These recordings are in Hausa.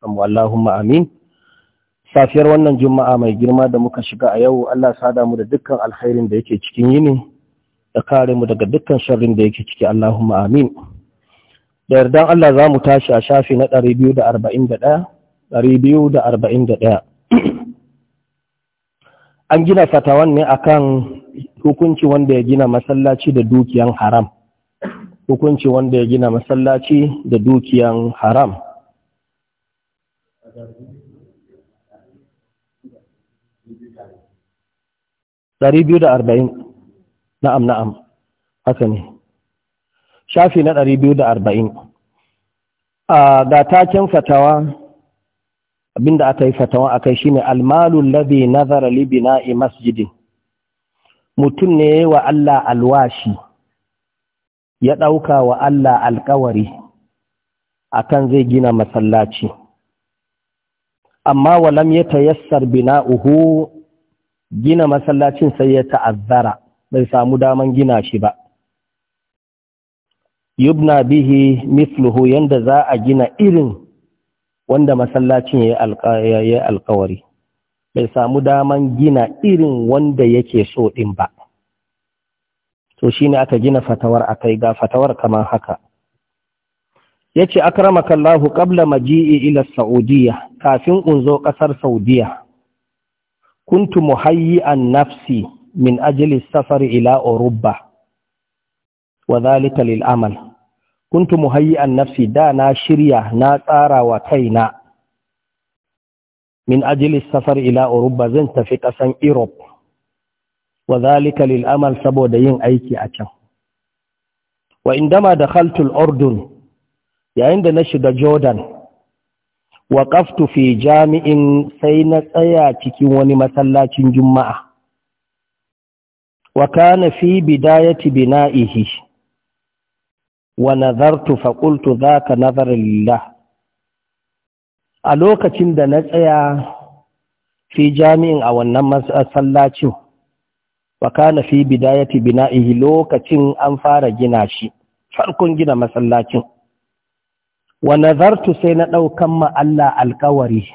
Allahumma amin safiyar wannan juma'a mai girma da muka shiga a yau Allah sada mu da dukkan alkhairin da yake cikin yini da kare mu daga dukkan sharrin da yake ciki Allahumma amin da yardan Allah za mu tashi a shafi na 241 241 an gina fatawan ne akan hukunci wanda ya gina masallaci da dukiyan haram hukunci wanda ya gina masallaci da dukiyan haram ɗari biyu da arba'in na'am na'am haka ne shafi na ɗari biyu da arba'in ga taken fatawa abinda aka yi fatawa a kai shi shine almalul ladhi nazara libi na'i masjidin mutum ne wa Allah alwashi ya ɗauka wa Allah alkawari akan zai gina masallaci amma walam ya tayassar Uhu, gina masallacin sai ya ta'azzara bai samu daman gina shi ba yubna bihi mithluhu yanda za a gina irin wanda masallacin ya yi alkawari bai samu daman gina irin wanda yake so ɗin ba to shine aka gina fatawar akai ga fatawar kamar haka yace akramakallahu qabla maji'i ila Saudiya kafin in zo ƙasar Saudiya. Kuntu muhayyi an nafsi min ajili safari ila Urubba wa zalika lil amal. Kuntu muhayyi an nafsi da na shirya na tsara wa kaina min ajili safar ila Urubba zan tafi ƙasan Europe wa zalika lil amal saboda yin aiki a can. Wa indama da khaltul Urdun yayin da na shiga Jordan waƙaftu fi jami'in sai na tsaya cikin wani masallacin juma'a wa kana fi bidayati bina'ihi wa nazartu fa qultu zaka nazar lillah a lokacin da na tsaya fi jami'in a wannan masallacin wa kana fi bidayati bina'ihi lokacin an fara gina shi farkon gina masallacin wa nazartu sai na ɗaukan ma Allah alkawari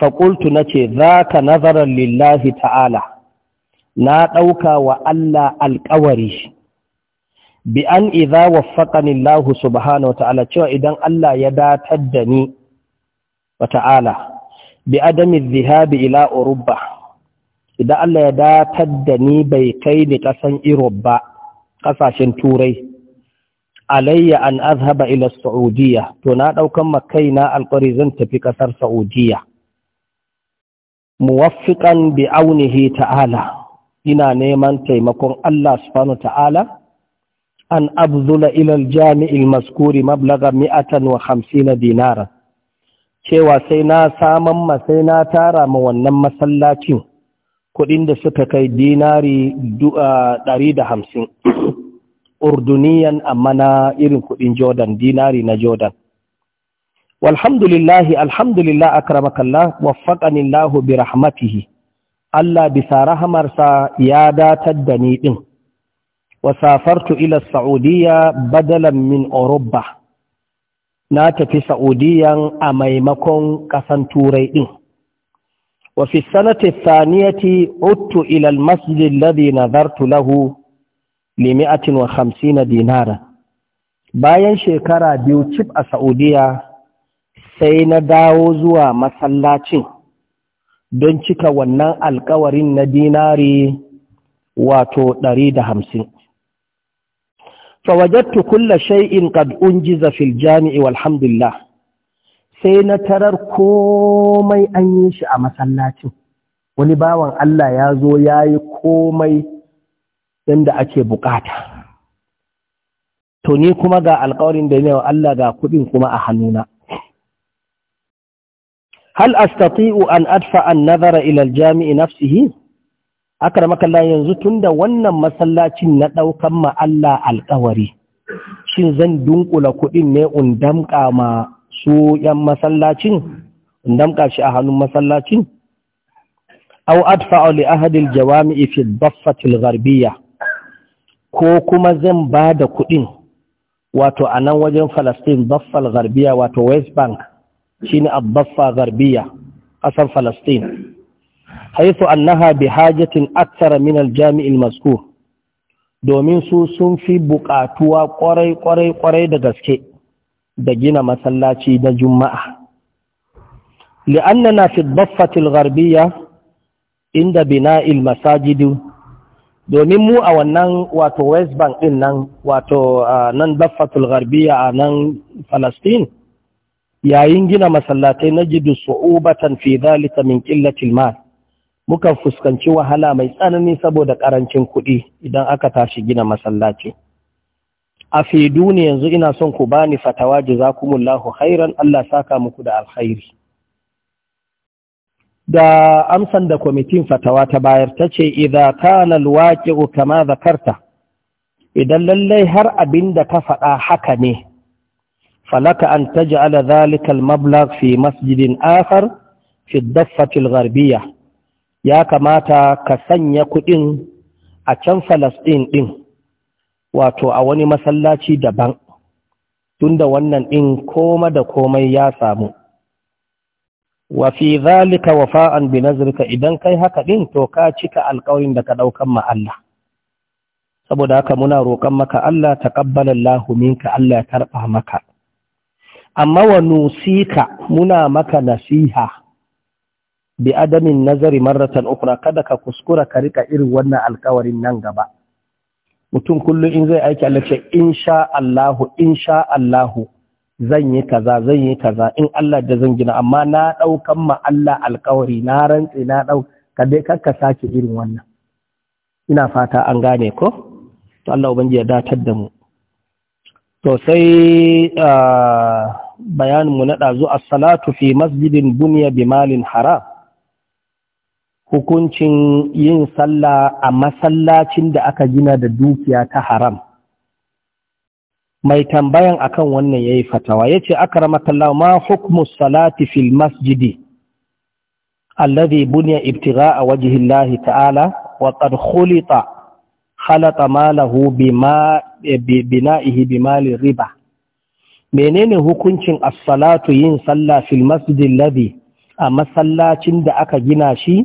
faƙultu na ce za ka nazarar lillahi ta'ala na ɗauka wa Allah alƙawari bi an iza wafaƙani Allah wa ta'ala cewa idan Allah ya datar da ni wa ta'ala bi adamin zihabi ila urubba idan Allah ya datar da ni bai kai ni ƙasan Irob ba ƙasashen turai alayya an azhaba ila saudiya to na daukan makaina alƙari zan tafi ƙasar saudiya muwaffiqan bi aunihi ta'ala ina neman taimakon Allah subhanahu ta'ala an abzula ila aljami' maskuri mablaga 150 dinara cewa sai na saman ma sai na tara ma wannan masallacin kudin da suka kai dinari 150 urduniyan amma na irin kudin jordan dinari na jordan walhamdulillahi alhamdulillah akramakallah waffaqani Allah bi rahmatihi Allah bisa rahamarsa ya datar da ni din wasafartu ila saudiya badalan min Oroba. na tafi saudiyan a maimakon kasan turai din wa fi sanati thaniyati uttu ila Masjid alladhi nadartu lahu limi'atin wa na dinara bayan shekara biyu cif a Saudiyya, sai na dawo zuwa masallacin don cika wannan alkawarin na dinari wato ɗari da hamsin. fawajattu tukulla shay'in qad unjiza fil jami'i walhamdulillah sai na tarar komai an yi shi a masallacin wani bawan Allah ya zo ya yi komai yadda ake bukata to ni kuma ga alkawarin da ne wa Allah ga kuɗin kuma a hannuna hal astati'u an adfa an nazara ila aljami'i nafsihi akramaka Allah yanzu tunda wannan masallacin na daukan ma Allah alkawari shin zan dunkula kuɗin ne in damƙa ma su yan masallacin in shi a hannun masallacin aw adfau li ahadil jawami'i fi al-daffati ko kuma zan ba da kuɗin wato a nan wajen Falastin baffal garbiya wato West Bank shi ne baffa garbiya ƙasar Falastin. Haifu annaha bi hajatin aksara minal aljami'il maskur domin su sun fi buƙatuwa ƙwarai ƙwarai da gaske da gina masallaci na Juma'a. لأننا في الضفة inda عند بناء المساجد domin mu a wannan wato west bank din nan wato nan daffatul garbiya a nan falastin yayin gina masallatai na jidu su'ubatan fi dhalika min qillatil mal muka fuskanci wahala mai tsanani saboda karancin kuɗi idan aka tashi gina masallaci a fi duniya yanzu ina son ku bani fatawa jazakumullahu hairan Allah saka muku da alkhairi da amsan da kwamitin fatawa ta bayar ta ce idza kana alwaqi'u kama zakarta idan lallai har abin da ka faɗa haka ne falaka an taj'ala dhalika almablagh fi masjidin Afar fi ad Garbiya, ya kamata ka sanya kuɗin a can Falasɗin ɗin wato a wani masallaci daban tunda wannan ɗin koma da komai ya samu wa fi zalika wafa'an bi nazrika idan kai haka din to ka cika alƙawarin da ka daukan ma Allah saboda haka muna roƙon maka Allah taqabbala Allahu minka Allah ya karba maka amma wa nusika muna maka nasiha bi adamin nazari marratan ukra kada ka kuskura ka rika irin wannan alkawarin nan gaba mutum kullum in zai aiki Allah ce insha Allahu insha Allahu zan yi kaza zan yi kaza in Allah da zan gina amma na ɗaukan ma Allah alkawari na rantse na ɗau ka dai kakka sake irin wannan ina fata an gane ko to Allah ubangi ya datar da mu to sai ah, bayanin mu na ɗazu as-salatu fi masjidin bunya bi malin haram hukuncin yin sallah a masallacin da aka gina da dukiya ta haram mai tambayan akan wannan yayi fatawa yace akramakallahu ma hukmu salati fil masjidi alladhi bunya ibtigha'a a Allah ta'ala wa qad khulita khalata malahu bima eh, bina'ihi bimali riba menene hukuncin as-salatu yin sallah fil masjidi alladhi a masallacin da aka gina shi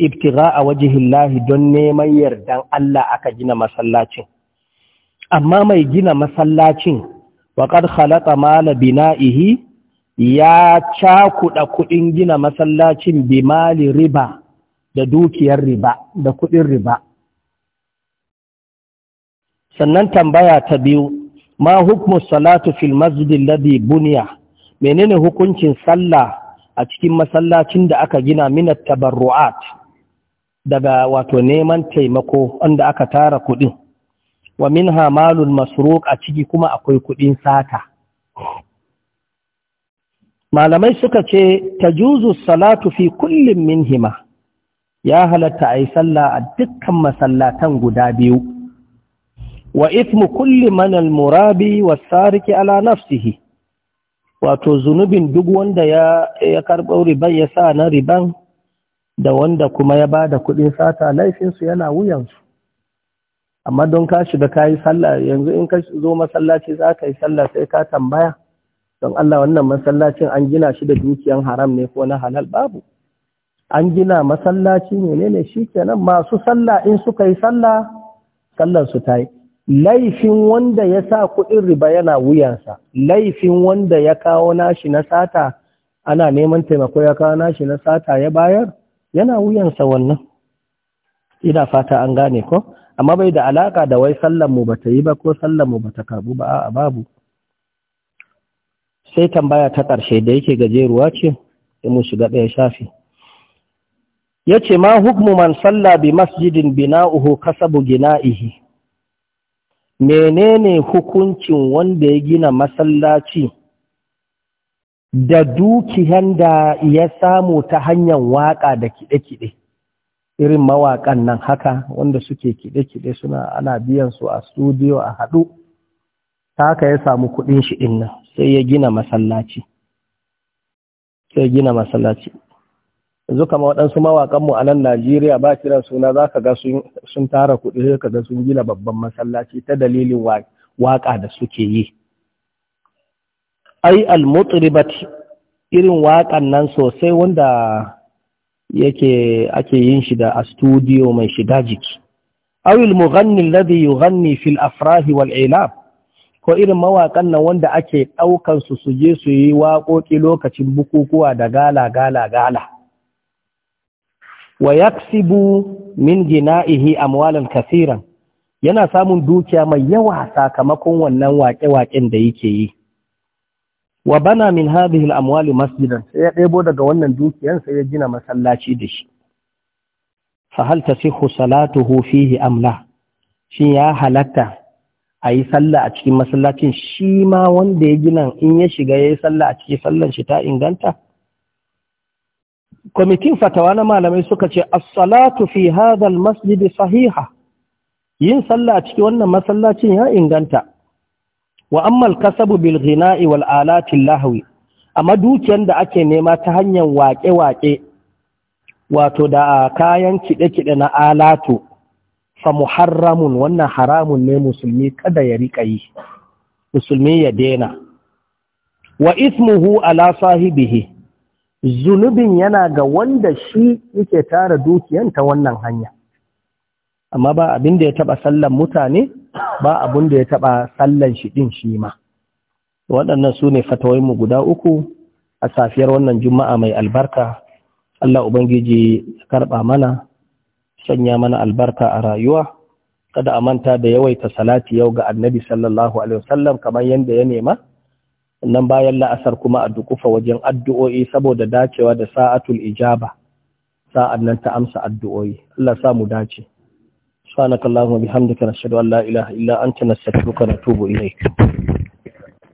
ibtigha'a wajhi lahi don neman yardan Allah aka gina masallacin amma mai gina masallacin waƙar halata mala bina'ihi ya cakuɗa kuɗin gina masallacin bimali riba da dukiyar riba da kuɗin riba sannan tambaya ta biyu ma hukmu salatu fil masjidin ladi buniya menene hukuncin sallah a cikin masallacin da aka gina minat tabarru'at daga wato neman taimako wanda aka tara kuɗin wa min hamalul masruq a ciki kuma akwai kuɗin sata malamai suka ce tajuzu salatu fi kullum min hima ya halatta a yi sallah a dukkan masallatan guda biyu wa ismu kulli manal murabi was-sariki ala nafsihi wato zunubin duk wanda ya karɓo riban ya sa na riban da wanda kuma ya bada kuɗin sata laifinsu yana wuyansu amma don ka shiga ka yi sallah yanzu in ka zo masallaci za ka yi sallah sai ka tambaya don Allah wannan masallacin an gina shi da dukiyan haram ne ko na halal babu an gina masallaci ne ne shi kenan masu sallah in suka yi sallah sallar su ta yi laifin wanda ya sa kuɗin riba yana wuyansa laifin wanda ya kawo nashi na sata ana neman taimako ya kawo nashi na sata ya bayar yana wuyansa wannan ina fata an gane ko amma bai da alaka da wai sallan mu bata yi ba ko sallan mu bata karbu ba a'a babu sai tambaya ta ƙarshe da yake gajeruwa ce sai mu shiga ɗaya shafi yace ma hukmu man salla bi masjidin bina'uhu kasabu gina'ihi menene hukuncin wanda ya gina masallaci da dukiyan da ya samu ta hanyar waka da kiɗe-kiɗe irin mawaƙan nan haka wanda suke kiɗe-kiɗe suna ana biyan su a studio a haɗu ta haka ya samu kuɗin shi ɗin nan sai ya gina masallaci sai gina masallaci yanzu kama waɗansu mawaƙanmu a nan Najeriya ba kiran suna za ka ga sun tara kuɗi sai ka ga sun gina babban masallaci ta dalilin waƙa da suke yi. Ai al-mutribati irin waƙan nan sosai wanda yake ake yin shi da a studio mai shiga jiki awil ladi yi ganni fil afrahi wal ilab ko irin mawaƙan nan wanda ake ɗaukan su su je su yi waƙoƙi lokacin bukukuwa da gala gala gala wa yaksibu min gina'ihi amwalan kasiran yana samun dukiya mai yawa sakamakon wannan waƙe-waƙen da yake yi wa bana min hadhihi al-amwali masjidan sai ya ɗebo daga wannan dukiyan sai ya gina masallaci da shi fa hal tasihhu salatuhu fihi am la shin ya halatta a yi sallah a cikin masallacin shi ma wanda ya gina in ya shiga ya yi sallah a cikin sallan shi ta inganta? Kwamitin fatawa na malamai suka ce, As-salatu fi hadal masjidi sahiha, yin sallah a cikin wannan masallacin ya inganta, wa ammal kasabu bil ghina'i wal alati lahwi amma dukiyar da ake nema ta hanyar waƙe-waƙe wato da kayan kiɗe-kiɗe na alatu fa muharramun wannan haramun ne musulmi kada ya riƙa yi musulmi ya dena wa ismuhu ala sahibihi zunubin yana ga wanda shi yake tara dukiyan ta wannan hanya amma ba abin da ya taba sallan mutane ba abun da ya taɓa sallan shi ɗin shi ma waɗannan su ne mu guda uku a safiyar wannan juma'a mai albarka Allah Ubangiji karɓa mana sanya mana albarka a rayuwa kada a manta da yawaita salati yau ga annabi sallallahu alaihi wasallam kamar yadda ya nema nan bayan la'asar kuma a dukufa wajen addu'o'i saboda dacewa da sa'atul ijaba sa'an nan ta amsa addu'o'i Allah sa mu dace سبحانك اللهم وبحمدك نشهد أن لا إله إلا أنت نستغفرك ونتوب إليك